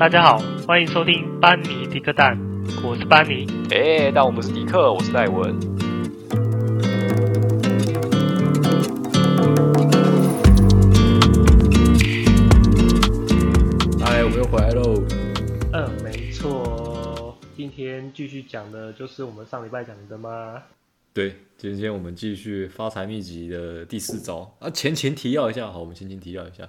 大家好，歡迎收聽班尼迪克蛋，我是班尼。哎、欸，但我不是迪克，我是戴文。哎，我們又回來嘍。嗯、呃，沒錯。今天繼續講的就是我們上禮拜講的嗎？對，今天我們繼續發財秘笈的第四招啊。前情提要一下，好，我們前情提要一下。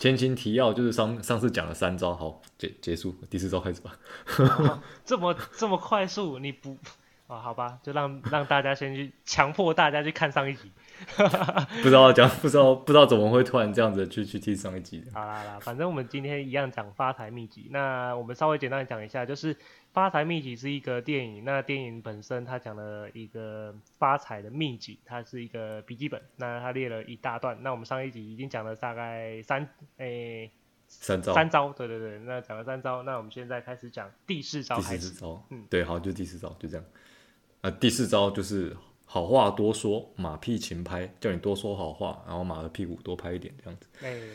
前情提要就是上上次講了三招，好結結束，第四招開始吧。 哦、這麼這麼快速，你不啊、哦？好吧，就讓讓大家先去強 迫大家去看上一集。 不知道講，不知道不知道怎麼會突然這樣子去去聽上一集，好好啦、啦，反正我們今天一樣講發財秘笈，那我們稍微簡單講一下，就是。發財秘笈是一個電影，那電影本身它講了一個發財的秘笈，它是一個筆記本，那它列了一大段。那我們上一集已經講了大概三誒、欸、三招三招，對對對，那講了三招，那我們現在開始講第四招，第四招，嗯，對，好，就第四招，就這樣。啊、第四招就是好話多說，馬屁勤拍，叫你多說好話，然後馬的屁股多拍一點，這樣子。哎、欸、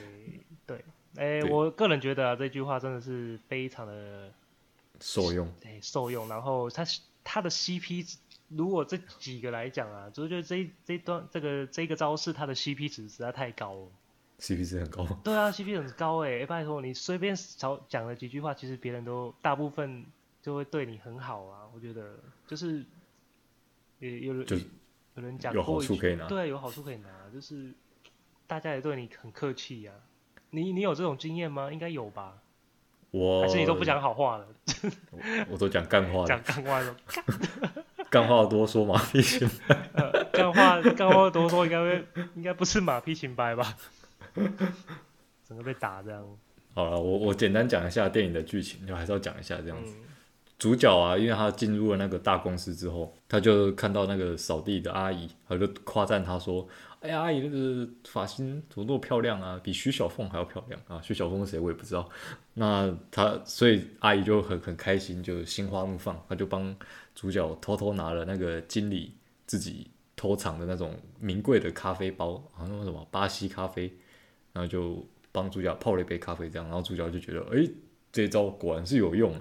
對，哎、欸、對我個人覺得、啊、這句話真的是非常的。受用，對、欸，受用。然後他他的 CP 值，如果這幾個來講啊，我是覺得這這段這個這個招式，他的 CP 值實在太高了。CP 值很高？對啊，CP 很高哎、欸欸。拜托，你隨便講講了幾句話，其實別人都大部分就會對你很好啊。我覺得就是，有人就有人有人講過有好處可以拿，對、啊，有好處可以拿，就是大家也對你很客氣呀、啊。你你有這種經驗嗎？應該有吧。我自己都不講好話了，我都講幹話了，講幹 話了，幹 話多說馬屁精，幹話幹話多說應該會應該不是馬屁精白吧？ 整個被打這樣。好了，我我簡單講一下電影的劇情，就還是要講一下這樣子。嗯、主角啊，因為他進入了那個大公司之後，他就看到那個掃地的阿姨，他就誇讚他說。哎呀，阿姨，這、那個髮型怎麼那麼漂亮啊？比徐小鳳還要漂亮啊！徐小鳳是誰我也不知道。那她，所以阿姨就很很開心，就心花怒放。她就幫主角偷偷拿了那個經理自己偷藏的那種名貴的咖啡包，好、啊、像什麼巴西咖啡，然後就幫主角泡了一杯咖啡，這樣。然後主角就覺得，哎、欸，這招果然是有用，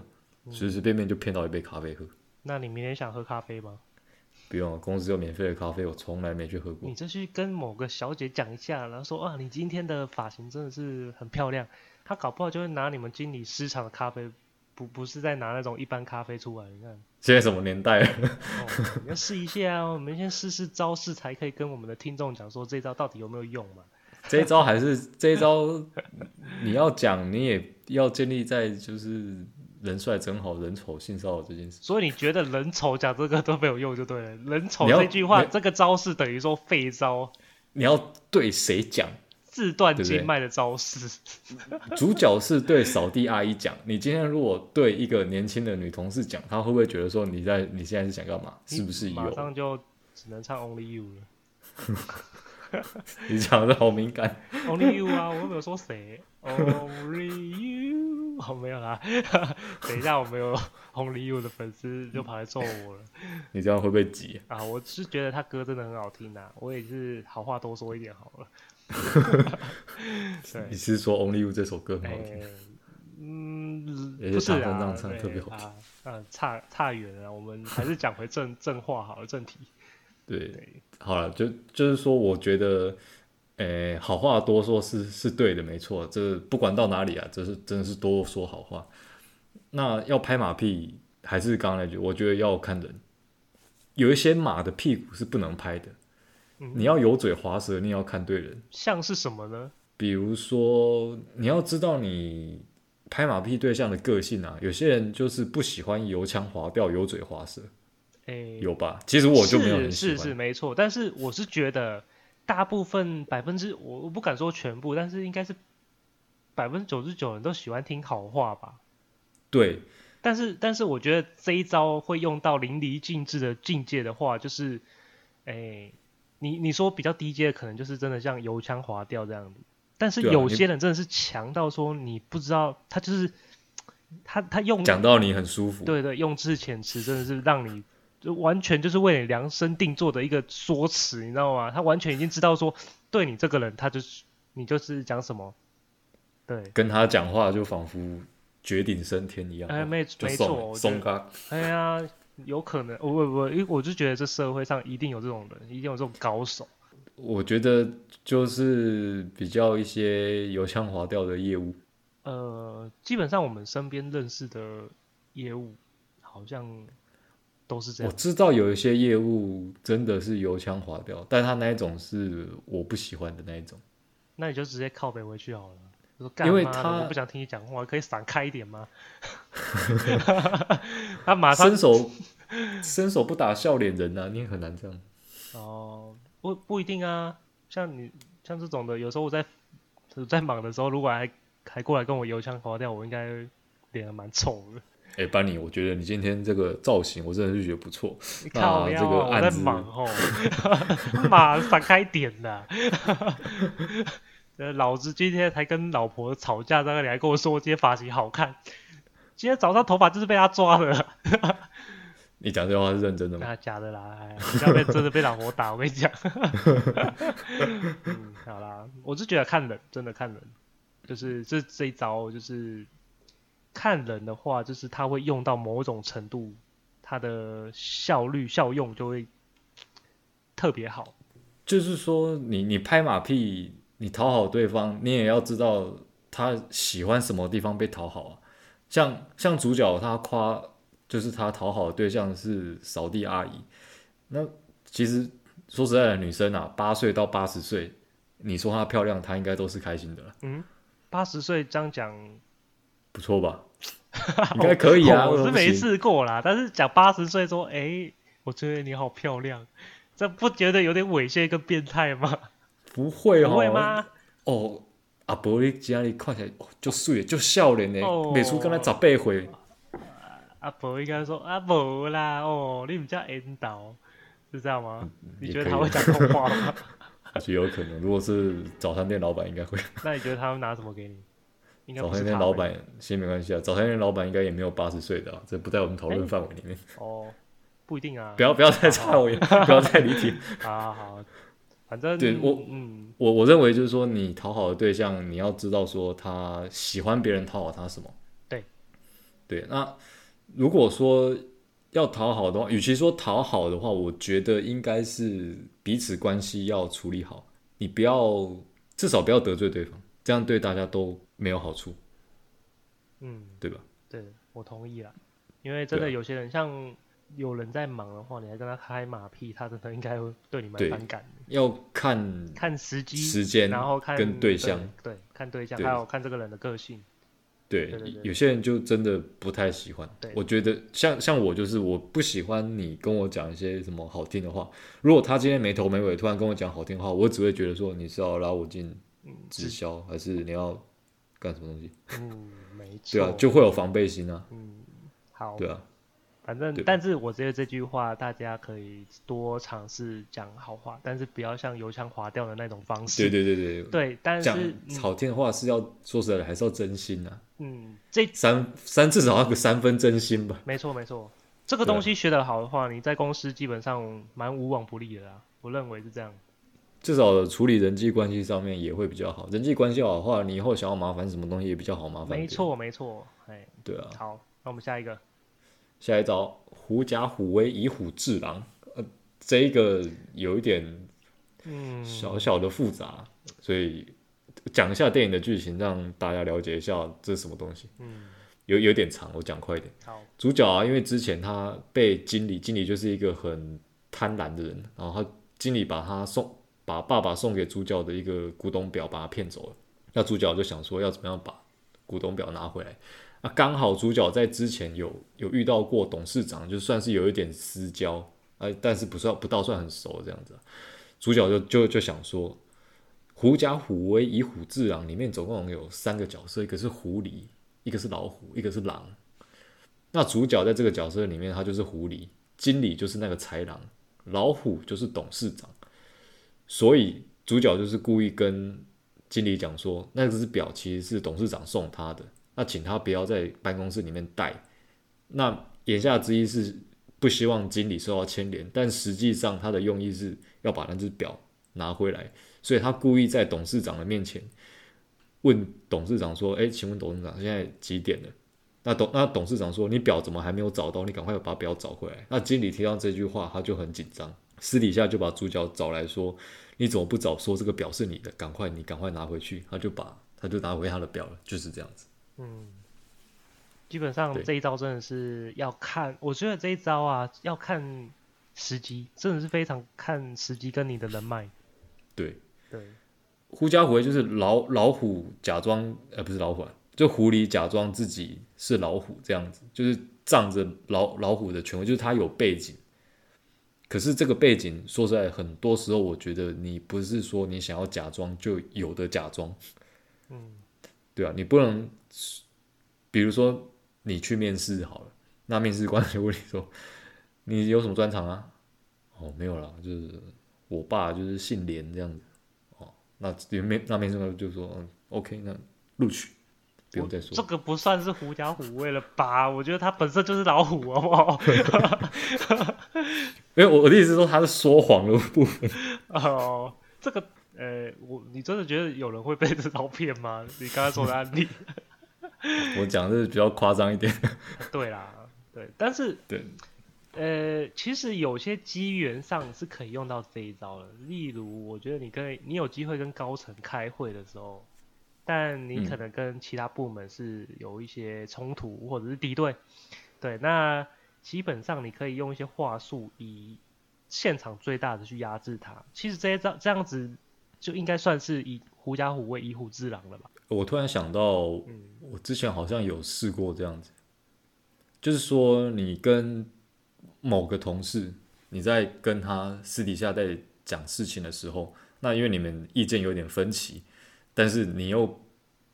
隨隨便,便便就騙到一杯咖啡喝、嗯。那你明天想喝咖啡嗎？不用了，公司有免費的咖啡，我從來沒去喝過。你就去跟某個小姐講一下，然後說啊，你今天的髮型真的是很漂亮。她搞不好就會拿你們經理私藏的咖啡，不不是在拿那種一般咖啡出來，你看。現在什麼年代了？哦，你要試一下啊，哦，我 們先試試招式，才可以跟我們的聽眾講說這招到底有沒有用嘛。這一招還是 這一招，你要講，你也要建立在就是。人帥真好，人醜，人醜性騷擾這件事。所以你覺得人醜講這個都沒有用就對了。人醜這句話，這個招式等於說廢招。你要對誰講？自斷經脈的招式。對對 主角是對掃地阿姨講。你今天如果對一個年輕的女同事講，她會不會覺得說你在，你現在是想幹嘛？你是不是有？馬上就只能唱 Only You 了。 你講得好敏感。Only You 啊，我又沒有說誰。Only You。哦，沒有啊，等一下，我沒有紅 o u 的粉絲就跑來揍我了，嗯。你這樣會不會急？啊，我是覺得他歌真的很好聽吶，啊，我也是好話多說一點好了。 對你是說《Only You》這首歌很好聽？欸，嗯，也是不是啊，對，特別好聽。差差遠了，我們還是講回正正話好了，正題。對，對對好了，就就是說，我覺得。哎，好話多說是是對的，沒錯。這不管到哪裡啊，這是真的是多說好話。那要拍馬屁，還是剛剛那句，我覺得要看人。有一些馬的屁股是不能拍的。嗯、你要油嘴滑舌，你要看對人。像是什麼呢？比如說，你要知道你拍馬屁對象的個性啊。有些人就是不喜歡油腔滑調、油嘴滑舌。誒有吧？其實我就沒有人喜歡。是是是，沒錯。但是我是覺得。大部分百分之我我不敢說全部，但是應該是百分之九十九的人都喜歡聽好話吧。對。但是但是我覺得這一招會用到淋漓盡致的境界的話，就是，哎，你你說比較低階的，可能就是真的像油腔滑調這樣子。但是有些人真的是強到說你不知道，啊、他就是他他用講到你很舒服。對對，用字遣詞真的是讓你。 就完全就是為你量身定做的一個說辭，你知道嗎？他完全已經知道說，對你這個人，他就你就是講什麼，對，跟他講話就仿佛絕頂升天一樣。哎、欸，沒送沒錯，松剛，哎呀他、欸啊，有可能，我我我，我就覺得這社會上一定有這種人，一定有這種高手。我覺得就是比較一些油腔滑調的業務，呃，基本上我們身邊認識的業務好像。都是這樣，我知道有一些業務真的是油腔滑調，但他那一種是我不喜歡的那一種。那你就直接靠北回去好了。就是、因為他不想聽你講話，可以閃開一點嗎？ 他馬上伸手， 伸手不打笑臉人吶、啊，你也很難這樣。哦，不不一定啊，像你像這種的，有時候我在在忙的時候，如果還還過來跟我油腔滑調，我應該臉還蠻臭的。哎、欸，班尼，我覺得你今天這個造型，我真的是覺得不錯。你看我這個案子我齁，哈， 馬散開點的。老子今天才跟老婆吵架，那個你還跟我說今天髮型好看，今天早上頭髮就是被他抓的。 你講這話是認真的嗎？那假的啦，要、欸、被真的被老婆打，我跟你講。 嗯，好啦，我是覺得看人，真的看人，就是這這一招就是。看人的話，就是他會用到某種程度，他的效率效用就會特別好。就是說你，你你拍馬屁，你討好對方，你也要知道他喜歡什麼地方被討好啊。像像主角他誇，就是他討好的對象是掃地阿姨。那其實說實在的，女生啊，八歲到八十歲，你說她漂亮，她應該都是開心的。嗯，八十歲這樣講。不錯吧？ 應該可以啊，oh, oh, 我是沒試過啦。但是講八十歲說，哎、欸，我覺得你好漂亮，這不覺得有點猥褻跟變態嗎？不會、哦，不會嗎？哦，阿伯你家裡看起來就水、哦，就笑臉呢。Oh, 每次跟他早背回阿伯應該說阿伯、啊、啦，哦，你唔叫引導，是這樣嗎？你覺得他會講這種話嗎？我覺 有可能，如果是早餐店老闆，應該會。 那你覺得他會拿什麼給你？早餐店老板其實、欸、沒關係啊，早餐店老板應該也沒有八十歲的啊，這不在我們討論範圍裡面哦，欸 oh, 不一定啊， 不要不要再差我，不要再離題啊，好，反正對我，嗯、我我認為就是說，你討好的對象，你要知道說他喜歡別人討好他什麼，對，對，那如果說要討好的話，與其說討好的話，我覺得應該是彼此關係要處理好，你不要至少不要得罪對方，這樣對大家都。沒有好處，嗯，對吧？對，我同意啦，因為真的有些人，像有人在忙的話，你還跟他拍馬屁，他真的應該會對你蠻反感的。要看看時機、時間，然後看對象，對，看對象還有看這個人的個性。對，有些人就真的不太喜歡。我覺得像像我就是，我不喜歡你跟我講一些什麼好聽的話。如果他今天沒頭沒尾，突然跟我講好聽的話，我只會覺得說你是要拉我進直銷，還是你要。幹什麼東西？嗯，沒錯、 啊。就會有防備心啊。嗯，好。對啊，反正，對但是我覺得這句話大家可以多嘗試講好話，但是不要像油腔滑調的那種方式。對對對對。對，但是講朝天話是要、嗯、說實在的，還是要真心啊。嗯，這三三次至少要給三分真心吧。嗯、沒錯沒錯，這個東西學得好的話，啊、你在公司基本上蠻無往不利的啊，我認為是這樣。至少處理人際關係上面也會比較好，人際關係好的話，你以後想要麻煩什麼東西也比較好麻煩。沒錯，沒錯、欸，對啊。好，那我們下一個，下一招“狐假虎威，以虎制狼”。呃，這一個有一點，嗯，小小的複雜，嗯，所以講一下電影的劇情，讓大家了解一下這是什麼東西。嗯，有有點長，我講快一點。好，主角啊，因為之前他被經理，經理就是一個很貪婪的人，然後他經理把他送。把爸爸送給主角的一個古董錶把他騙走了，那主角就想說要怎麼樣把古董錶拿回來。那剛好主角在之前有有遇到過董事長，就算是有一點私交，但是不是不倒算很熟這樣子。主角就就就想說，狐假虎威，以虎制狼。裡面總共有三個角色，一個是狐狸，一個是老虎，一個是狼。那主角在這個角色裡面，他就是狐狸，經理就是那個豺狼，老虎就是董事長。所以主角就是故意跟經理講說，那隻表其實是董事長送他的。那請他不要在辦公室裡面戴。那言下之意是不希望經理受到牽連，但實際上他的用意是要把那隻表拿回來。所以他故意在董事長的面前問董事長說：“哎，請問董事長現在幾點了？”那董那董事長說：“你表怎麼還沒有找到？你趕快把表找回來。”那經理聽到這句話，他就很緊張。私底下就把主角找來說：“你怎麼不早說這個表是你的？趕快，你趕快拿回去。”他就把他就拿回他的表了，就是這樣子。嗯，基本上這一招真的是要看，對我覺得這一招啊要看時機，真的是非常看時機跟你的人脈。對對，狐對假虎威就是老老虎假裝呃不是老虎啊，就狐狸假裝自己是老虎這樣子，就是仗着老老虎的權威，就是他有背景。可是這個背景，說實在，很多時候我覺得你不是說你想要假裝就有的假裝，嗯，對啊，你不能，比如說你去面試好了，那面試官就問你說，你有什麼專長啊？哦，沒有啦，就是我爸就是姓連這樣子，哦，那面那面試官就說，嗯，OK，那錄取。我這個不算是狐假虎威了吧？我覺得他本身就是老虎，好不好？因為 我的意思是說，他是說謊的部分。哦，這個，呃、欸，我你真的覺得有人會被這招騙嗎？你剛才說的案例 ， 我講的是比較誇張一點 。對啦，對，但是對，呃，其實有些機緣上是可以用到這一招的。例如，我覺得你跟你有機會跟高層開會的時候。但你可能跟其他部門是有一些衝突或者是敵對，嗯、對，那基本上你可以用一些話術，以現場最大的去壓制他。其實這些，這樣子就應該算是以狐假虎威、以虎制狼了吧？我突然想到，嗯、我之前好像有試過這樣子，就是說你跟某個同事，你在跟他私底下在講事情的時候，那因為你們意見有點分歧。但是你又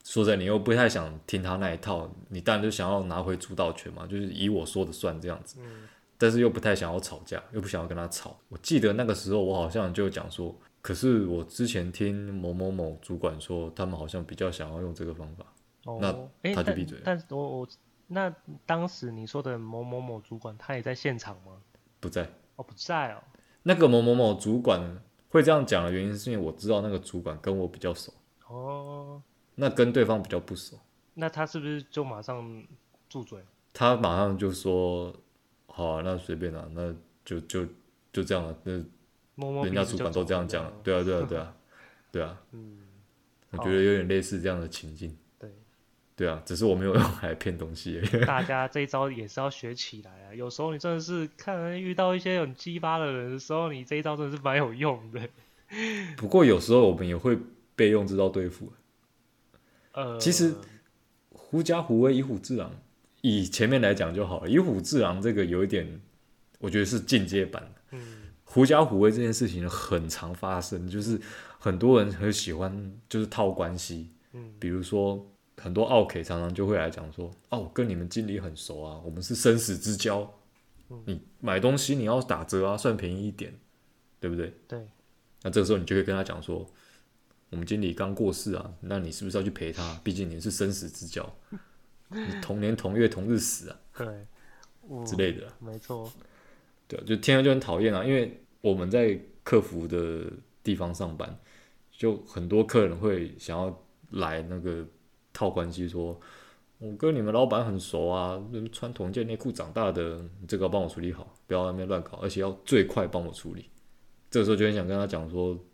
說在，你又不太想聽他那一套，你當然就想要拿回主導權嘛，就是以我說的算這樣子。嗯，但是又不太想要吵架，又不想要跟他吵。我記得那個時候，我好像就講說，可是我之前聽某某某主管說，他們好像比較想要用這個方法。哦，那他就閉嘴了。欸，但是，我我那當時你說的某某某主管，他也在現場嗎？不在。我、哦，不在哦。那個某某某主管會這樣講的原因，是因為我知道那個主管跟我比較熟。哦，oh, 那跟對方比較不熟，那他是不是就馬上住嘴？他馬上就說：“好啊，那隨便啊，那就就就這樣了。”那人家主管都這樣講了，摸摸鼻子就住了嗎？對啊，對啊，對啊，對啊。 嗯，好我覺得有點類似這樣的情境。對，對啊，只是我沒有用來騙東西而已。 大家這一招也是要學起來啊！有時候你真的是看人遇到一些很雞巴的人的時候，你這一招真的是蠻有用的。 不過有時候我們也會。備用知道對付，呃、其實狐假虎威以虎制狼，以前面來講就好了。以虎制狼這個有一點，我覺得是進階版嗯，狐假虎威這件事情很常發生，就是很多人很喜歡就是套關係。嗯，比如說很多奧 K 常常就會來講說，哦，跟你們經理很熟啊，我們是生死之交，嗯、你買東西你要打折啊，算便宜一點，對不對？對。那這個時候你就可以跟他講說。我們經理剛過世啊，那你是不是要去陪他？畢竟你是生死之交，同年同月同日死啊，對 之類的，沒錯。對，就天天就很討厭啊，因為我們在客服的地方上班，就很多客人會想要來那個套關係，說：“我跟你們老闆很熟啊，穿同件內褲長大的，你這個要幫我處理好，不要那邊亂搞，而且要最快幫我處理。”這個時候就很想跟他講說：“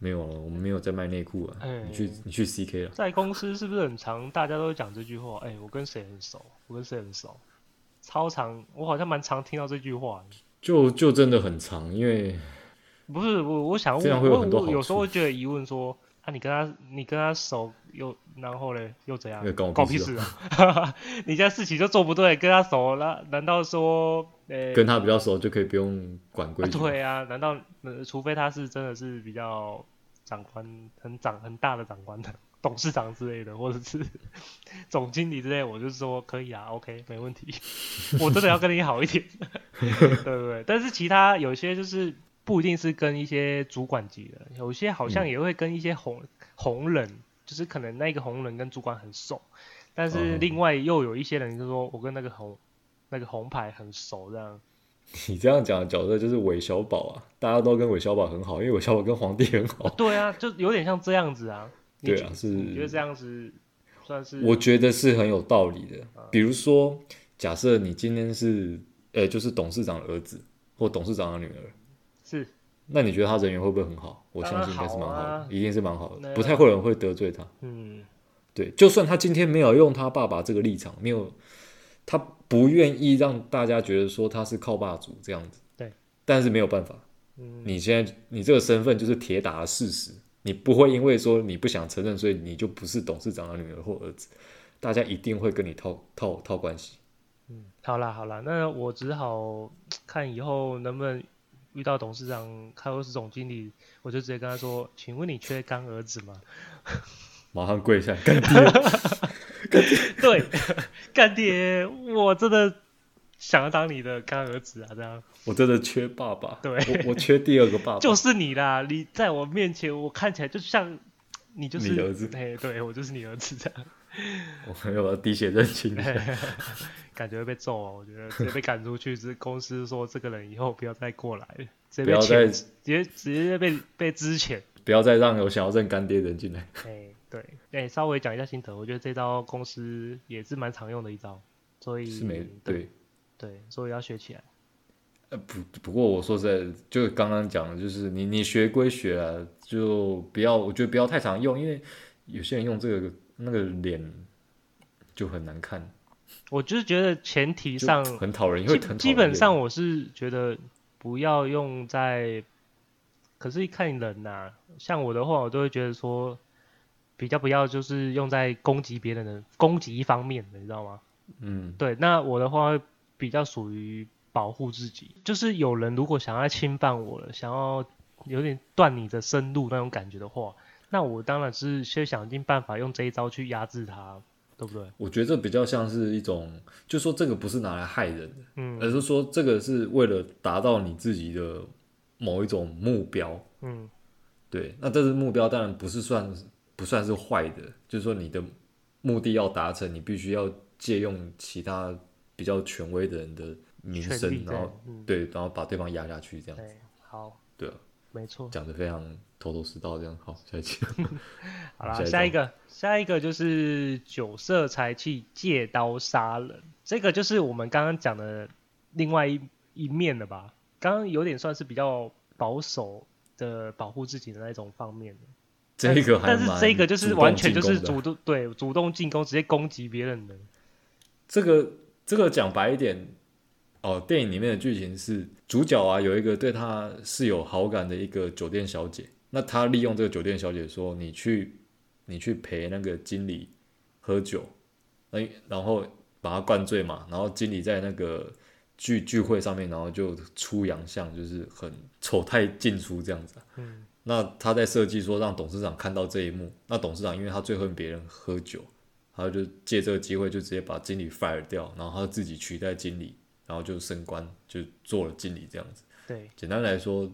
沒有，我們沒有在賣內褲啊。嗯、你去你去 CK 了。在公司是不是很常大家都講這句話？哎、欸，我跟誰很熟？我跟誰很熟？超常，我好像蠻常聽到這句話。就就真的很常，因為不是我我想問我我有時候會覺得疑問說，那、啊、你跟他你跟他熟又然後嘞又怎樣？搞搞屁事！是 你家事情就做不對，跟他熟那難道說？跟他比較熟就可以不用管規矩。欸、啊對啊，難道、呃、除非他是真的是比較長官很長很大的長官的董事長之類的，或者是總經理之類，我就說可以啊，OK，沒問題。我真的要跟你好一點。 對不對，但是其他有些就是不一定是跟一些主管級的，有些好像也會跟一些紅、嗯、紅人，就是可能那個紅人跟主管很熟，但是另外又有一些人就說，我跟那個紅。那個紅牌很熟，這樣。你這樣講的角色就是韋小寶啊，大家都跟韋小寶很好，因為韋小寶跟皇帝很好，啊。對啊，就有點像這樣子啊。對啊，是。你覺得這樣子算是？我覺得是很有道理的。啊、比如說，假設你今天是，欸，就是董事長的兒子或董事長的女兒，是，那你覺得他人緣會不會很好？我相信應該是蠻好的，好啊，一定是蠻好的，那樣，不太會有人會得罪他。嗯，對，就算他今天沒有用他爸爸這個立場，沒有。他不願意讓大家覺得說他是靠爸族這樣子，對，但是沒有辦法，嗯，你現在你這個身份就是鐵打的事實，你不會因為說你不想承認，所以你就不是董事長的女兒或兒子，大家一定會跟你套套套關係。嗯，好啦好啦，那我只好看以後能不能遇到董事長，開公司總經理，我就直接跟他說，請問你缺乾兒子嗎？ 馬上跪下乾爹 對，乾爹，我真的想要當你的乾兒子啊！這樣，我真的缺爸爸，對，我，我缺第二個爸爸，就是你啦！你在我面前，我看起來就像你就是你兒子，嘿，對，我就是你兒子這樣。我還有滴血認親， 感覺會被揍啊、喔。我覺得直接被趕出去， 是公司說這個人以後不要再過來，直接被直接直接被被支遣，不要再讓有想要認乾爹的人進來。 對、欸，稍微講一下心得。我覺得這招公司也是蠻常用的一招，所以是沒對對，所以要學起來。呃、不不過我說實在，就剛剛講的，就是你你學歸學了，啊，就不要，我覺得不要太常用，因為有些人用這個那個臉就很難看。我就是覺得前提上很討人，因為基本上我是覺得不要用在，可是一看人吶，啊，像我的話，我都會覺得說。比較不要就是用在攻擊別人的攻擊一方面的，你知道嗎？嗯，對。那我的話比較屬於保護自己，就是有人如果想要侵犯我了，想要有點斷你的生路那種感覺的話，那我當然是先想盡辦法用這一招去壓制他，對不對？我覺得這比較像是一種，就說這個不是拿來害人的，嗯，而是說這個是為了達到你自己的某一種目標。嗯，對。那這個目標當然不是算。不算是壞的，就是說你的目的要達成，你必須要借用其他比較權威的人的名聲，然後、嗯、對，然後把對方壓下去，這樣對好，對了、啊，沒錯，講得非常頭頭是道，這樣好，下一期。 好了啦，下一，下一個，下一個就是酒色財氣借刀殺人，這個就是我們剛剛講的另外一一面了吧？剛剛有點算是比較保守的保護自己的那一種方面。這個但是這個就是完全就是主動，對，主動進攻，直接攻擊別人的。這個這個講白一點，哦，電影裡面的劇情是主角啊有一個對他是有好感的一個酒店小姐，那他利用這個酒店小姐說，你去你去陪那個經理喝酒，哎，然後把他灌醉嘛，然後經理在那個聚聚會上面，然後就出洋相，就是很醜態盡出這樣子啊。嗯那他在設計說讓董事長看到這一幕，那董事長因為他最恨別人喝酒，他就借這個機會就直接把經理 fire 掉，然後他自己取代經理，然後就升官就做了經理這樣子。對，簡單來說，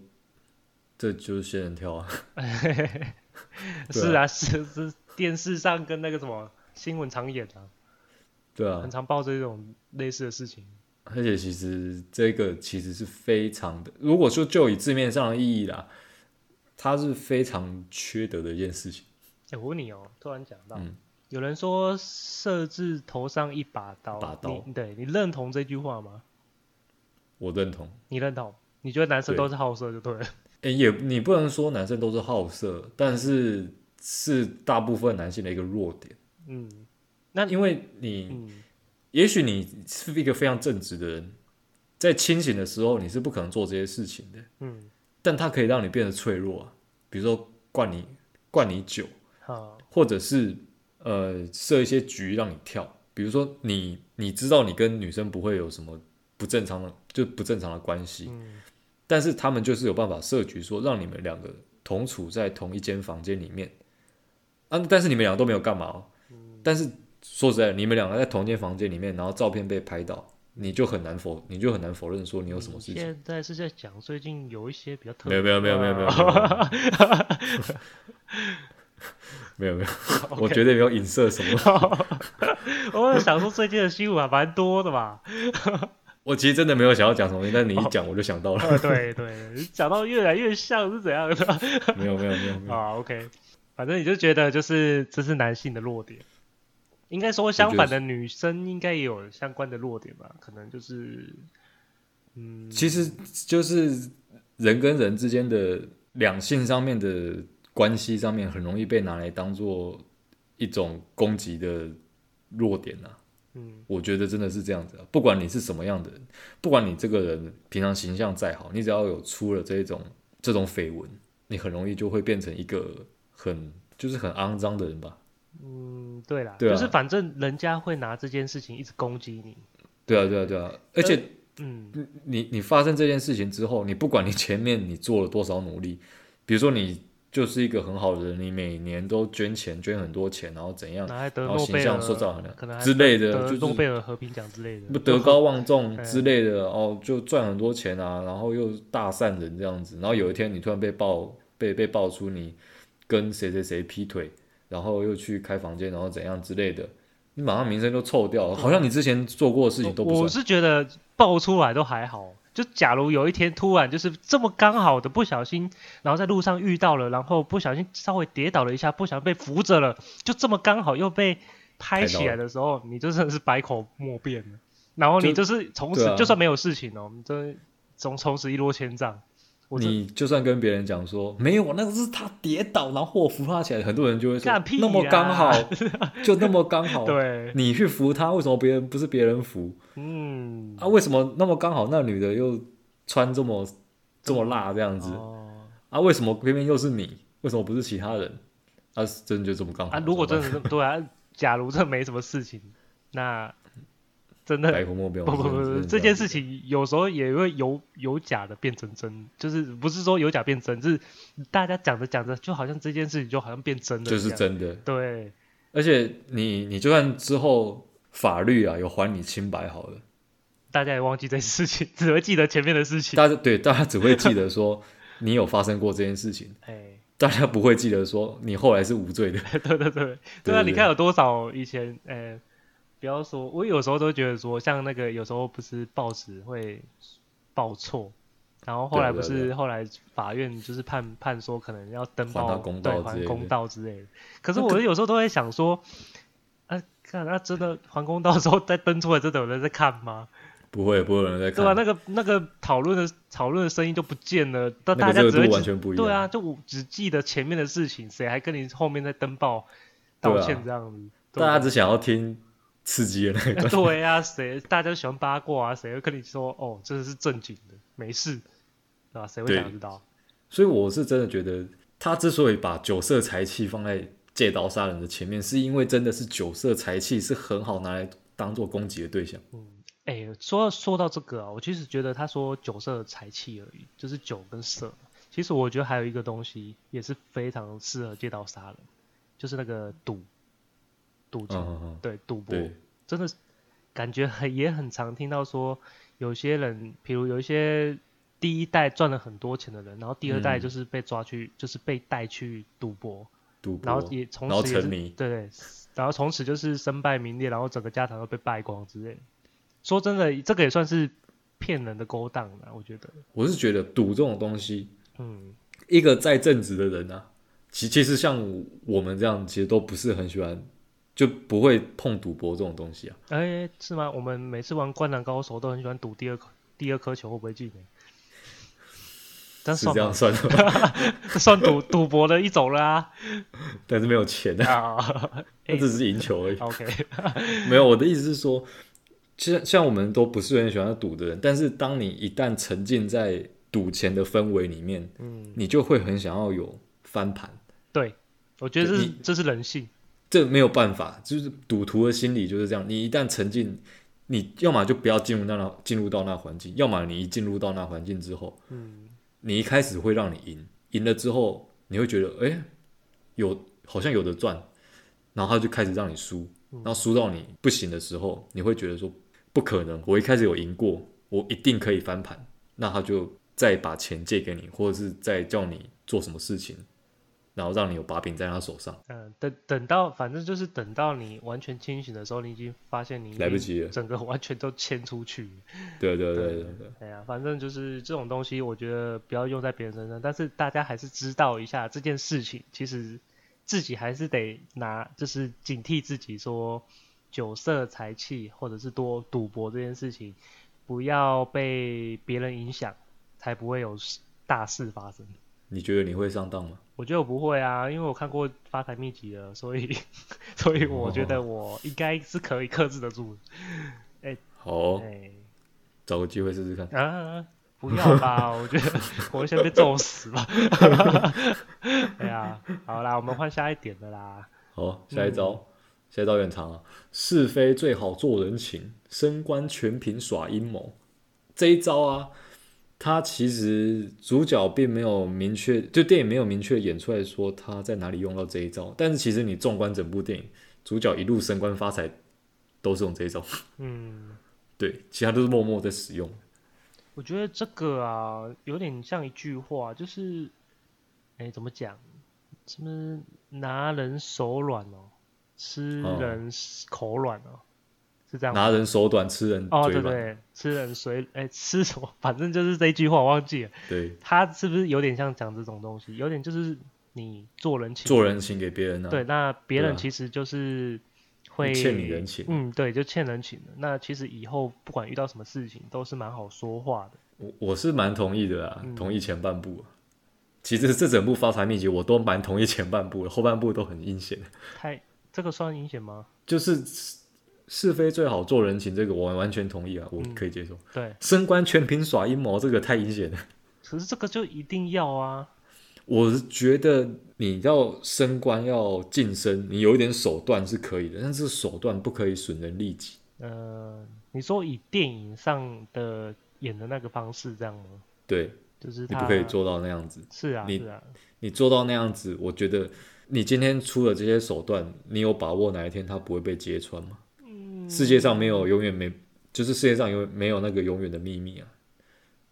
這就是仙人跳啊。 是啊，是是，是電視上跟那個什麼新聞常演啊，對啊，很常報這種類似的事情。而且其實這個其實是非常的，如果說就，就以字面上的意義啦。他是非常缺德的一件事情。欸、我問你哦、喔，突然講到，嗯、有人說“色字頭上一把刀”，把刀你，對，你認同這句話嗎？我認同。你認同？你覺得男生都是好色就對了？哎、欸，也你不能說男生都是好色，但是是大部分男性的一個弱點。嗯，那因為你，嗯、也許你是一個非常正直的人，在清醒的時候，你是不可能做這些事情的。嗯，但他可以讓你變得脆弱啊。比如說灌你灌你酒，好或者是呃設一些局讓你跳。比如說你你，知道你跟女生不會有什麼不正常的就不正常的關係，嗯、但是他們就是有辦法設局說讓你們兩個同處在同一間房間裡面，啊，但是你們兩個都沒有幹嘛、哦，嗯、但是說實在，你們兩個在同一間房間裡面，然後照片被拍到。你就很難否，你就很難否認說你有什麼事情。現在是在講最近有一些比較特別。沒有沒有沒有沒有沒有。 沒有沒有，Okay. 我絕對沒有影射什麼。Oh, 我想說最近的新聞蠻多的嘛。 我其實真的沒有想要講什麼，但你一講我就想到了。Oh, 對，對對，講到越來越像是怎樣的。 沒有沒有沒有啊、oh,，OK，反正你就覺得就是這是男性的弱點。應該說，相反的女生應該也有相關的弱點吧？可能就是，嗯，其實就是人跟人之間的兩性上面的關係上面，很容易被拿來當做一種攻擊的弱點啊。嗯，我覺得真的是這樣子啊。不管你是什麼樣的人，不管你這個人平常形象再好，你只要有出了這種這種緋聞，你很容易就會變成一個很就是很骯髒的人吧。嗯，對啦，對、啊，就是反正人家會拿這件事情一直攻擊你。對啊，對啊，對啊，而且，呃、嗯，你你發生這件事情之後，你不管你前面你做了多少努力，比如說你就是一個很好的人，你每年都捐錢，捐很多錢，然後怎樣，然後，然後形象塑造很難可能之類的，得諾貝爾和平獎之類的，就是不德高望重之類的， 啊、哦，就賺很多錢啊，然後又大善人這樣子，然後有一天你突然被爆，被被爆出你跟誰誰誰劈腿。然後又去開房間，然後怎樣之類的，你馬上名聲就臭掉了，好像你之前做過的事情都不、嗯……我是覺得爆出來都還好，就假如有一天突然就是這麼剛好的不小心，然後在路上遇到了，然後不小心稍微跌倒了一下，不小心被扶着了，就這麼剛好又被拍起來的時候，你就真的是百口莫辯了。然後你就是從此就、啊、就算沒有事情哦，你真從從此一落千丈。你就算跟別人講說沒有，那個是他跌倒，然後我扶他起來，很多人就會說麼，那麼剛好，就那麼剛好， 對，你去扶他，為什麼別人不是別人扶？嗯，啊，為什麼那麼剛好？那女的又穿這麼這麼辣這樣子，哦、啊，為什麼偏偏又是你？為什麼不是其他人？啊，真的就這麼剛好麼？啊，如果真的對啊，假如這沒什麼事情，那。真的，不不不，這件事情有時候也會有,有假的變成真，就是不是說有假變真，是大家講着講着，就好像這件事情就好像變真了。就是真的，對。而且你你就算之後法律啊有還你清白好了，大家也忘記這件事情，只會記得前面的事情。大家對大家只會記得說你有發生過這件事情， 哎，大家不會記得說你後來是無罪的。對對對，對啊，對對對，你看有多少以前，哎。比方說，我有時候都覺得說，像那個有時候不是報紙會報錯，然後後來不是對對對，後來法院就是判判說可能要登報，還道對還公道之類的。那個，可是我有時候都在想說，看、啊、那、啊、真的還公道的時候再登出來，真的有人在看嗎？不會，不會有人在看。對吧？那個那個討論的討論的聲音就不見了，那大家只會個個對啊，就只記得前面的事情，誰、啊、還跟你後面在登報道歉這樣子？大家，啊、吧只想要聽。刺激的那個 對呀、啊，誰，大家都喜歡八卦啊。誰會跟你說哦，真的是正經的，沒事，啊、誰對吧？誰會想知道？所以我是真的覺得，他之所以把酒色財氣放在借刀殺人的前面，是因為真的是酒色財氣是很好拿來當做攻擊的對象。嗯，哎、欸，說到說到這個啊，我其實覺得他說酒色財氣而已，就是酒跟色。其實我覺得還有一個東西也是非常適合借刀殺人，就是那個賭。賭錢，哦哦哦，對，賭博，對真的感覺很也很常聽到說，有些人，比如有一些第一代賺了很多錢的人，然後第二代就是被抓去，嗯、就是被帶去賭博，賭博，然後也從此沉迷對對，然後從此就是身敗名裂，然後整個家庭都被敗光之類。說真的，這個也算是騙人的勾當啦，我覺得，我是覺得賭這種東西，嗯，一個在正直的人啊，其實其實像我們這樣，其實都不是很喜歡。就不會碰賭博這種東西啊！哎、欸，是嗎？我們每次玩《灌籃高手》都很喜歡賭第二顆、第二顆球會不會進？欸，是這樣算的嗎？ 算賭賭博的一種啦、啊。但是沒有錢啊，這、啊欸、只是贏球而已。欸 okay、 沒有。我的意思是說，其實像我們都不是很喜歡賭的人，但是當你一旦沉浸在賭錢的氛圍裡面，嗯，你就會很想要有翻盤。對，我覺得這是這是人性。這沒有辦法，就是賭徒的心理就是這樣。你一旦沉浸，你要麼就不要進入那，那進入到那環境，要麼你一進入到那環境之後，嗯，你一開始會讓你贏，贏了之後你會覺得誒，有好像有得賺，然後他就開始讓你輸，然後輸到你不行的時候，你會覺得說不可能，我一開始有贏過，我一定可以翻盤，那他就再把錢借給你，或者是再叫你做什麼事情。然後讓你有把柄在他手上。嗯，等等到，反正就是等到你完全清醒的時候，你已經發現你來不及了，整個完全都牽出去。嗯、對對對對對。哎呀，反正就是這種東西，我覺得不要用在別人身上，但是大家還是知道一下這件事情。其實自己還是得拿，就是警惕自己，說酒色財氣，或者是多賭博這件事情，不要被別人影響，才不會有大事發生。你覺得你會上當嗎？我覺得我不會啊，因為我看過《發財秘籍》了，所以，所以我覺得我應該是可以克制得住。哎，好，找個機會試試看。啊，不要吧！ 我覺得我現在被揍死了。 對呀、啊，好啦，我們換下一點的啦。好，下一招，嗯、下一招，有點長啊！是非最好做人情，升官全憑耍陰謀。這一招啊。他其實主角並沒有明確，就電影沒有明確演出來說他在哪裡用到這一招。但是其實你縱觀整部電影，主角一路升官發財都是用這一招。嗯，對，其他都是默默在使用。我覺得這個啊，有點像一句話，就是，哎、欸，怎麼講？什麼拿人手軟哦，吃人口軟哦。啊拿人手短，吃人嘴哦，對，對對，吃人隨哎、欸，吃什麼？反正就是這句話，我忘記了。對，他是不是有點像講這種東西？有點就是你做人情，做人情給別人呢、啊？對，那別人其實就是會、啊、欠你人情。嗯，對，就欠人情的。那其實以後不管遇到什麼事情，都是蠻好說話的。我我是蠻同意的啦，同意前半部。嗯、其實這整部發財秘笈我都蠻同意前半部的，後半部都很陰險。太，這個算陰險嗎？就是。是非最好做人情，這個我完全同意啊，我可以接受。嗯、對，升官全憑耍陰謀，這個太陰險了。可是這個就一定要啊？我覺得你要升官要晉升，你有一點手段是可以的，但是手段不可以損人利己。嗯、呃、你說以電影上的演的那個方式這樣嗎？對，就是他你不可以做到那樣子。是啊，你是啊，你做到那樣子，我覺得你今天出了這些手段，你有把握哪一天他不會被揭穿嗎？世界上沒有永遠沒，就是世界上有沒有那個永遠的秘密啊！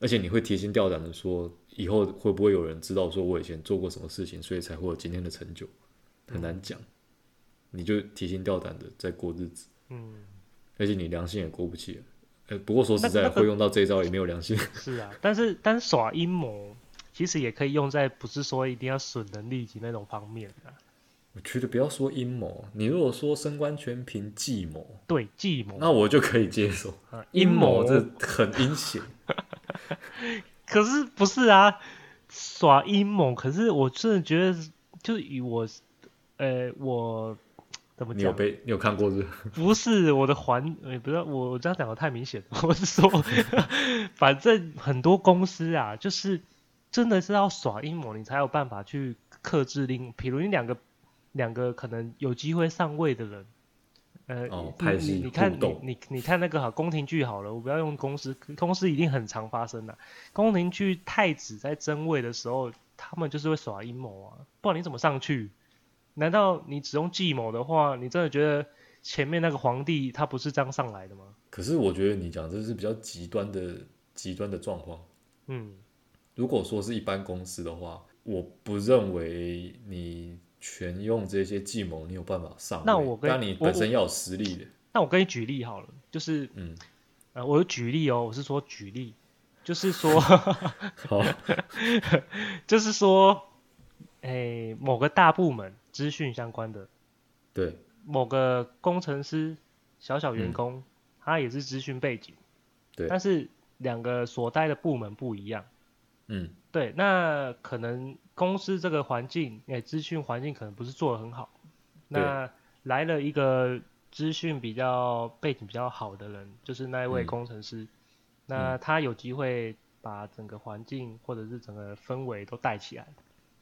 而且你會提心吊膽的說，以後會不會有人知道說我以前做過什麼事情，所以才會有今天的成就？很難講，嗯、你就提心吊膽的在過日子。嗯，而且你良心也過不去、啊欸。不過說實在的，那個、會用到這招也沒有良心。那個、是啊，但是但是耍陰謀，其實也可以用在不是說一定要損人利己那種方面、啊我覺得不要說陰謀，你如果說升官全憑計謀，對，計謀，那我就可以接受。啊、陰謀這很陰險， 可是不是啊，耍陰謀。可是我真的覺得，就以我，呃，我怎麼講？你有被你有看過這個？不是我的環，哎、不是我這樣講的太明顯。我是說，反正很多公司啊，就是真的是要耍陰謀，你才有辦法去克制另，比如你兩個。兩個可能有機會上位的人，呃，哦，你你看你你你看那個哈宮廷劇好了，我不要用公司，公司一定很常發生的宮廷劇，太子在爭位的時候，他們就是會耍陰謀啊，不然你怎麼上去？難道你只用計謀的話，你真的覺得前面那個皇帝他不是這樣上來的嗎？可是我覺得你講這是比較極端的極端的狀況，嗯，如果說是一般公司的話，我不認為你。全用這些計謀，你有辦法上？那我跟你本身要有實力的。那我跟你舉例好了，就是嗯、呃，我有舉例哦，我是說舉例，就是說， 好，就是說，哎、欸，某個大部門資訊相關的，對，某個工程師小小員工，嗯、他也是資訊背景，對，但是兩個所待的部門不一樣，嗯，對，那可能。公司這個環境，哎、欸，資訊環境可能不是做得很好。對那來了一個資訊比較背景比較好的人，就是那一位工程師。嗯、那他有機會把整個環境或者是整個氛圍都帶起來。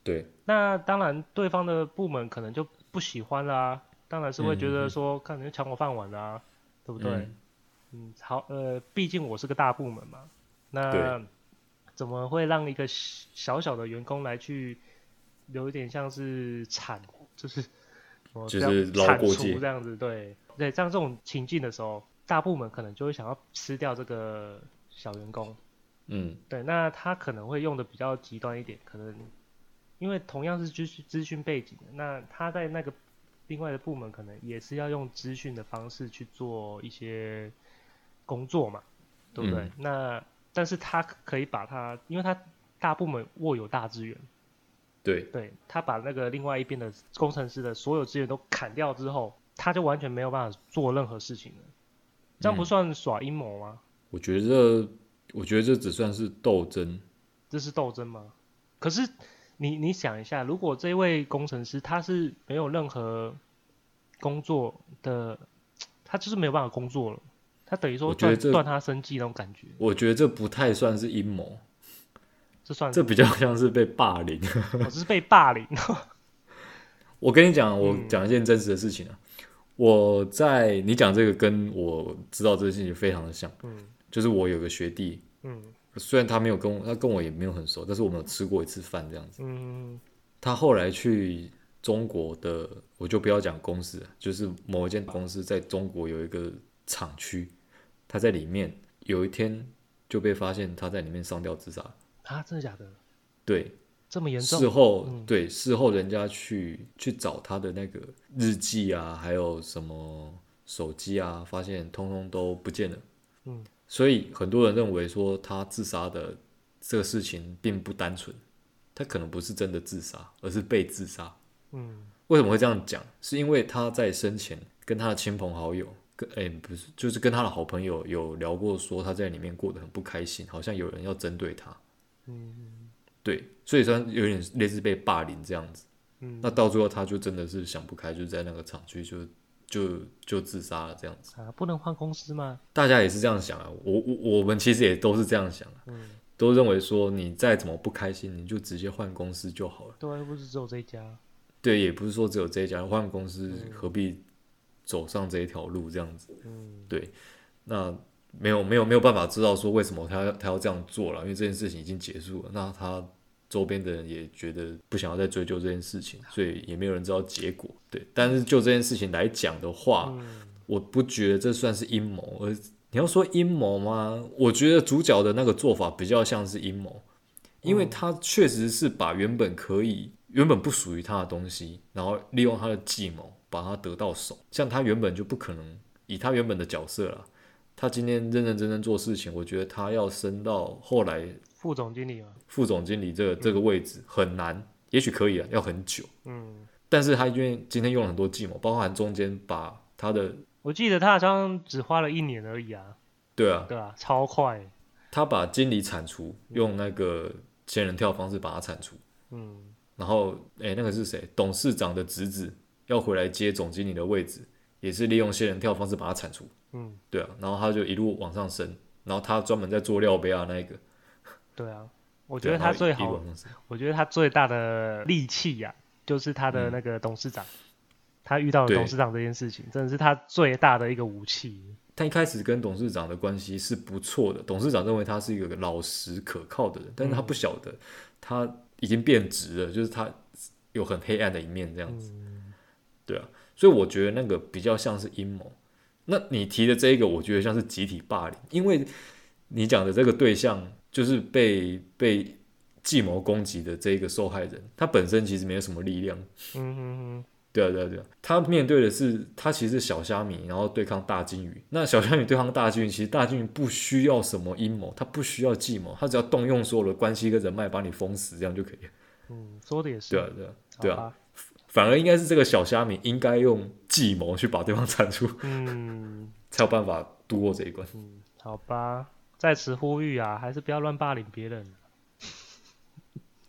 對，那當然對方的部門可能就不喜歡啦、啊，當然是會覺得說，嗯嗯嗯看人家搶我飯碗啦、啊，對不對？嗯，嗯，好，呃，畢竟我是個大部門嘛。那怎麼會讓一個小小的員工來去，有一點像是鏟，就是，就是撈過界這樣子，對，對，像這種情境的時候，大部門可能就會想要吃掉這個小員工，嗯，對，那他可能會用得比較極端一點，可能因為同樣是就是資訊背景，那他在那個另外的部門可能也是要用資訊的方式去做一些工作嘛，對不對？嗯、那。但是他可以把他，因為他大部門握有大資源，對，對，他把那個另外一邊的工程師的所有資源都砍掉之後，他就完全沒有辦法做任何事情了。這樣不算耍陰謀嗎？我覺得這，我覺得這只算是鬥爭。這是鬥爭嗎？可是你你想一下，如果這位工程師他是沒有任何工作的，他就是沒有辦法工作了。他等於說斷斷他生計那種感覺，我覺得這不太算是陰謀，這算，這比較像是被霸凌。我、 哦、是被霸凌。 我跟你講，我講一件真實的事情啊。嗯、我在你講這個跟我知道這件事情非常的像，嗯、就是我有個學弟，嗯，雖然他沒有跟我，他跟我也沒有很熟，但是我們有吃過一次飯這樣子。嗯嗯。他後來去中國的，我就不要講公司，就是某一間公司在中國有一個廠區。他在裡面有一天就被發現，他在裡面上吊自殺啊？真的假的？對，這麼嚴重。事後、嗯、對，事後人家去去找他的那個日記啊，還有什麼手機啊，發現通通都不見了。嗯，所以很多人認為說他自殺的這個事情並不單純，他可能不是真的自殺，而是被自殺。嗯，為什麼會這樣講？是因為他在生前跟他的親朋好友。誒，欸、不是，就是跟他的好朋友有聊過，說他在裡面過得很不開心，好像有人要針對他。嗯，對，所以算有點類似被霸凌這樣子。嗯，那到最後他就真的是想不開，就在那個廠區就就就,就自殺了這樣子。啊，不能換公司嗎？大家也是這樣想啊，我我我們其實也都是這樣想、啊嗯、都認為說你再怎麼不開心，你就直接換公司就好了。對，不是只有這一家？對，也不是說只有這一家，換公司何必、嗯？走上這一條路，這樣子，嗯、對，那沒有沒有沒有辦法知道說為什麼他要他要這樣做了，因為這件事情已經結束了。那他周邊的人也覺得不想要再追究這件事情，所以也沒有人知道結果。對，但是就這件事情來講的話，嗯、我不覺得這算是陰謀。而你要說陰謀嗎？我覺得主角的那個做法比較像是陰謀，因為他確實是把原本可以、嗯、原本不屬於他的東西，然後利用他的計謀。把他得到手，像他原本，就不可能以他原本的角色了。他今天認認真真做事情，我覺得他要升到後來副總經理啊，副總經理這個、嗯、這個位置很難，也許可以啊，要很久。嗯，但是他因為今天用了很多計謀，包含中間把他的，我記得他好像只花了一年而已啊。對啊，對啊，超快。他把經理鏟除，用那個仙人跳方式把他鏟除。嗯，然後誒、欸，那個是誰？董事長的侄子。要回來接總經理的位置，也是利用仙人跳方式把他鏟除。嗯，對啊，然後他就一路往上升，然後他專門在做料杯啊那一個。對啊，我覺得他最好， 我覺得他最大的利器呀，就是他的那個董事長。嗯，他遇到董事長這件事情，對真的是他最大的一個武器。他一開始跟董事長的關係是不錯的，董事長認為他是一個老實可靠的人，但是他不曉得他已經變質了，嗯，就是他有很黑暗的一面這樣子。嗯對啊，所以我覺得那個比較像是陰謀。那你提的這一個，我覺得像是集體霸凌，因為你講的這個對象就是被被計謀攻擊的這一個受害人，他本身其實沒有什麼力量。嗯，嗯，嗯，對啊對啊對啊，他面對的是他其實是小蝦米，然後對抗大鯨魚。那小蝦米對抗大鯨魚，其實大鯨魚不需要什麼陰謀，他不需要計謀，他只要動用所有的關係跟人脈把你封死，這樣就可以了。嗯，說的也是。對啊對啊對啊。對啊反而應該是這個小蝦米，應該用計謀去把對方鏟除，嗯， 才有辦法度過這一關嗯。嗯，好吧，在此呼籲啊，還是不要亂霸凌別人。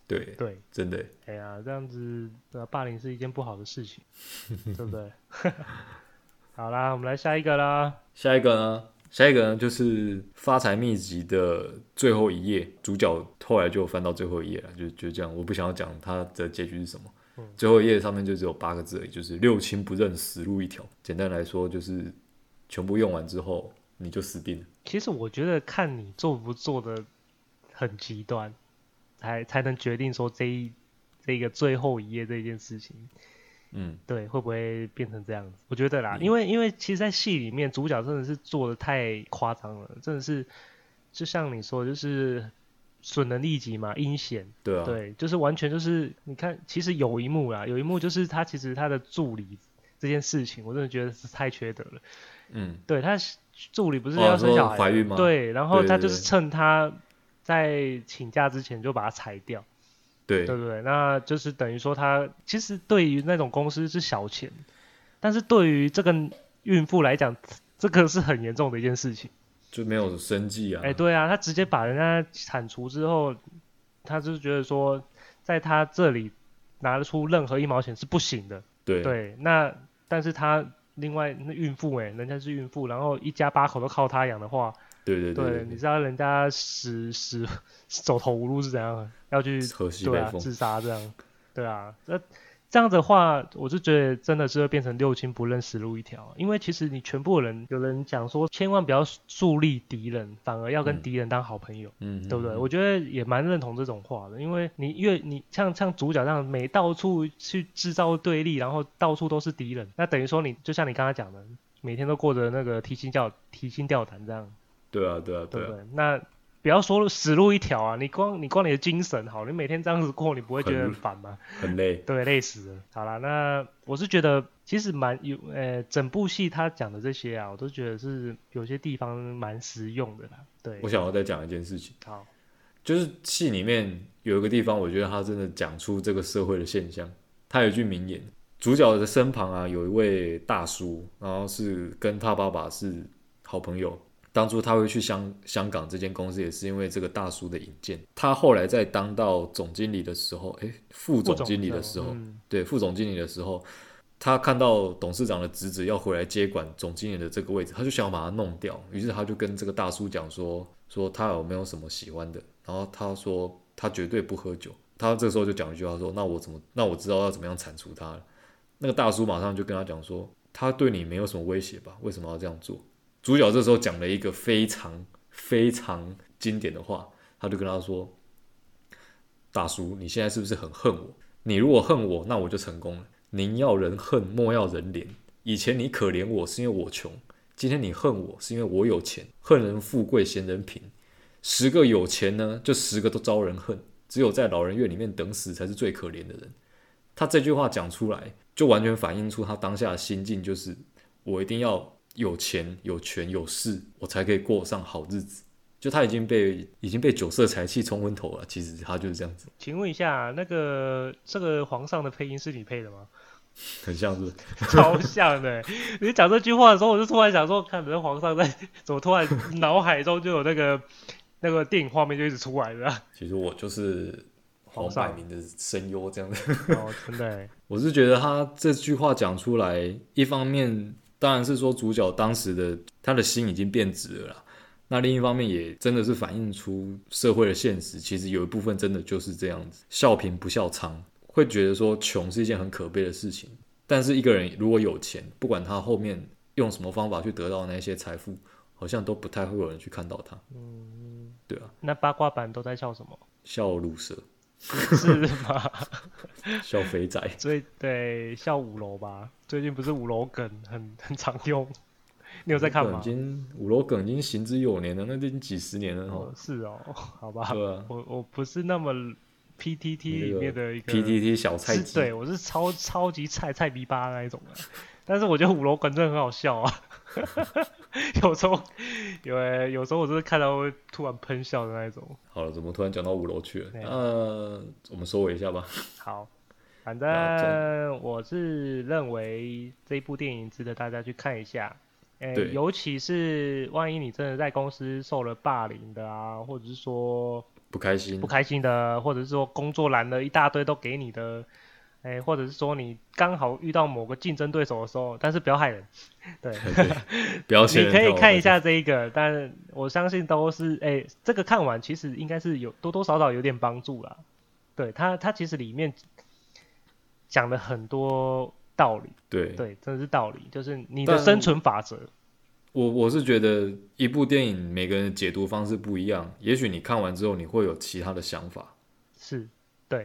對對，對真的、欸。哎呀、欸啊，這樣子的霸凌是一件不好的事情， 對不對？ 好啦，我們來下一個啦。下一個呢？下一個呢？就是《發財祕籍》的最後一頁，主角後來就翻到最後一頁了，就就這樣，我不想要講他的結局是什麼。最後一頁上面就只有八個字而已，就是“六親不認，死路一條”。簡單來說，就是全部用完之後，你就死定了。其實我覺得，看你做不做得很極端，才才能決定說這一這一個最後一頁這件事情，嗯，對，會不會變成這樣子？我覺得啦，嗯、因為因為其實，在戲裡面，主角真的是做得太誇張了，真的是就像你說的，就是。損人利己嘛，陰險。對啊。對，就是完全就是，你看，其實有一幕啦，有一幕就是他其實他的助理這件事情，我真的覺得是太缺德了。嗯。對，他助理不是要生小孩懷孕嗎？對，然後他就是趁他在請假之前就把他裁掉。對對對。對不對？那就是等於說他其實對於那種公司是小錢，但是對於這個孕婦來講，這個是很嚴重的一件事情。就沒有生計啊！哎、欸，對啊，他直接把人家鏟除之後，他就是覺得說，在他這裡拿得出任何一毛錢是不行的。對，對，那但是他另外那孕婦哎、欸，人家是孕婦，然後一家八口都靠他養的話，對，對對對，對你知道人家死死走投無路是怎樣，的，要去對啊自殺這樣，對啊，這、啊。這樣的話，我就覺得真的是會變成六親不認、死路一條。因為其實你全部有人有人講說，千萬不要樹立敵人，反而要跟敵人當好朋友，嗯，對不對？嗯、我覺得也蠻認同這種話的，因為你越你像像主角這樣，每到處去製造對立，然後到處都是敵人，那等於說你就像你剛剛講的，每天都過着那個提心吊提心吊膽這樣，對啊。對啊，對啊，對不對？那。不要說死路一條啊！你光你光你的精神好，你每天這樣子過，你不會覺得很煩嗎？很，很累， 對，累死了。好啦，那我是覺得其實蠻有，呃、欸，整部戲他講的這些啊，我都覺得是有些地方蠻實用的啦。對。我想要再講一件事情，好，就是戲裡面有一個地方，我覺得他真的講出這個社會的現象。他有一句名言，主角的身旁啊，有一位大叔，然後是跟他爸爸是好朋友。當初他會去香香港這間公司，也是因為這個大叔的引薦。他後來在當到總經理的時候，誒，副總經理的時候，對副總經理的時候，他看到董事長的侄子要回來接管總經理的這個位置，他就想要把他弄掉。於是他就跟這個大叔講說：“說他有沒有什麼喜歡的？”然後他說：“他絕對不喝酒。”他這時候就講一句話說：“那我怎麼？那我知道要怎麼樣鏟除他了。”那個大叔馬上就跟他講說：“他對你沒有什麼威脅吧？為什麼要這樣做？”主角這時候講了一個非常非常經典的話，他就跟他說：“大叔，你現在是不是很恨我？你如果恨我，那我就成功了。寧要人恨，莫要人憐。以前你可憐我是因為我窮，今天你恨我是因為我有錢。恨人富貴嫌人貧，十個有錢呢，就十個都招人恨。只有在老人院裡面等死，才是最可憐的人。”他這句話講出來，就完全反映出他當下的心境，就是我一定要。有錢有權有勢，我才可以過上好日子。就他已經被已經被酒色財氣沖昏頭了。其實他就是這樣子。請問一下，那個這個皇上的配音是你配的嗎？很像。是，是，超像的。 你講這句話的時候，我就突然想說，看，這皇上在怎麼突然腦海中就有那個 那個電影畫面就一直出來了、啊。其實我就是黃百鳴的聲優，這樣子。上 oh, 真的。我是覺得他這句話講出來，一方面。當然是說主角當時的他的心已經變質了啦。那另一方面也真的是反映出社會的現實，其實有一部分真的就是這樣子。笑貧不笑娼，會覺得說窮是一件很可悲的事情，但是一個人如果有錢，不管他後面用什麼方法去得到那些財富，好像都不太會有人去看到他。嗯，對啊，那八卦版都在笑什麼？笑魯蛇。是吧，小 肥仔宅，最對笑五樓吧？最近不是五樓梗很很常用，你有在看嗎？已經五樓梗已經行之有年了，那已經幾十年了哦。是哦，好吧。啊、我我不是那麼 P T T 裡面的一個，個 P T T 小菜雞是，對，我是超超級菜菜逼巴那一種的。但是我覺得五樓梗真的很好笑啊。 有時候，因為有時候我就是看到會突然噴笑的那一種。好了，怎麼突然講到五樓去了？嗯、那我們收尾一下吧。好，反正我是認為這一部電影值得大家去看一下。哎、欸，對尤其是萬一你真的在公司受了霸凌的啊，或者是說不開心、不開心的，或者是說工作難的一大堆都給你的。哎，或者是說你剛好遇到某個競爭對手的時候，但是不要害人。對，不要害人。 你可以看一下這個，但我相信都是哎，這個看完其實應該是有多多少少有點幫助啦。對他，他其實裡面講了很多道理。對對，對真的是道理，就是你的生存法則。我我是覺得一部電影，每個人的解讀方式不一樣，也許你看完之後你會有其他的想法。是。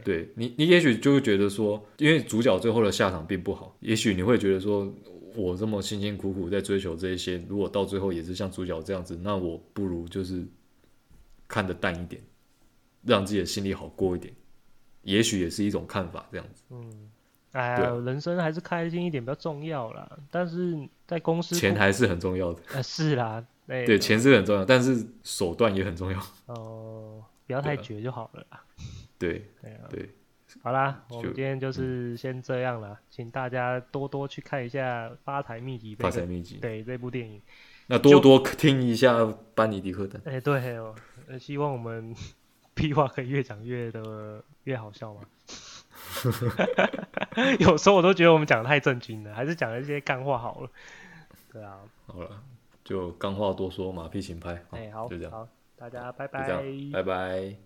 對,對，你，你也許就會覺得說，因為主角最後的下場並不好，也許你會覺得說，我這麼辛辛苦苦在追求這一些，如果到最後也是像主角這樣子，那我不如就是看得淡一點，讓自己的心裡好過一點，也許也是一種看法這樣子。嗯，哎對人生還是開心一點比較重要啦。但是在公司，錢還是很重要的。啊、呃，是啦，欸、對，錢是很重要，對但是手段也很重要。哦，不要太絕就好了啦。對對，好啦，我們今天就是先這樣了，請大家多多去看一下《發財秘笈》。發財秘笈，對這部電影，那多多聽一下班尼迪克的。哎，對哦，希望我們屁話可以越講越的越好笑嘛。有時候我都覺得我們講得太正經了，還是講了一些幹話好了。對啊，好了，就幹話多說，馬屁請拍。哎，好，就這樣，好，大家拜拜，拜拜。